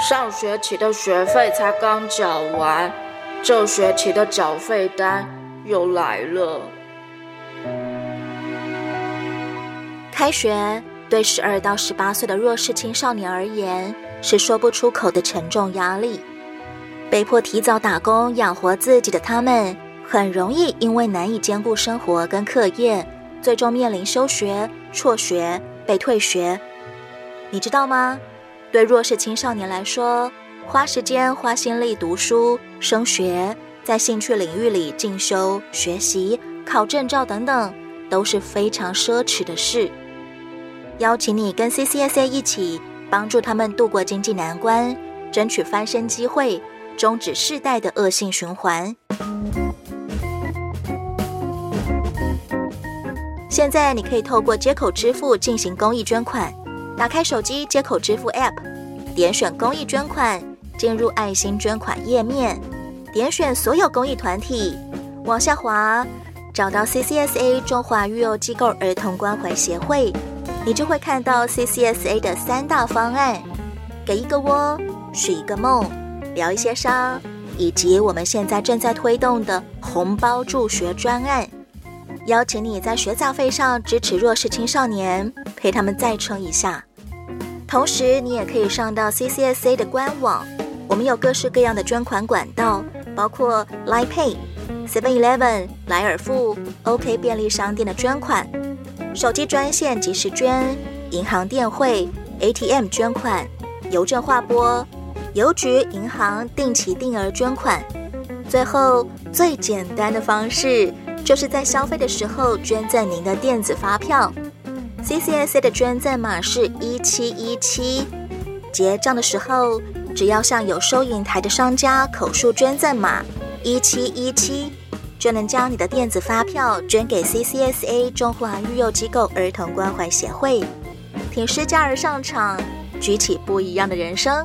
上學期的學費才剛繳完，這學期的繳費單又來了。開學對十二到十八歲的弱勢青少年而言，是說不出口的沉重壓力。被迫提早打工養活自己的他們，很容易因為難以兼顧生活跟課業，最終面臨休學、輟學、被退學。你知道嗎？對弱勢青少年來說，花時間、花心力讀書、升學，在興趣領域裡進修、學習、考證照等等，都是非常奢侈的事。邀請你跟 CCSA 一起，幫助他們度過經濟難關，爭取翻身機會，終止世代的惡性循環。現在你可以透過街口支付進行公益捐款。打開手機街口支付 App，點選公益捐款，進入愛心捐款頁面，點選所有公益團體，往下滑，找到 CCSA 中華育幼機構兒童關懷協會，你就會看到 CCSA 的三大方案：給一個窩，許一個夢，療一些傷，以及我們現在正在推動的紅包助學專案，邀請你在學雜費上支持弱勢青少年，陪他們再撐一下。同時，你也可以上到 CCSA 的官網。我們有各式各樣的捐款管道，包括 Line Pay、Seven Eleven、萊爾富、OK 便利商店的捐款、手機專線即時捐、銀行電匯、ATM 捐款、郵政劃撥、郵局銀行定期定額捐款。最後，最簡單的方式就是在消費的時候捐贈您的電子發票。CCSA 的捐贈碼是一七一七，結賬的時候只要向有收銀台的商家口述捐贈碼一七一七，就能將你的電子發票捐給 CCSA 中華育幼機構兒童關懷協會。挺失家兒上場，舉起不一樣的人生。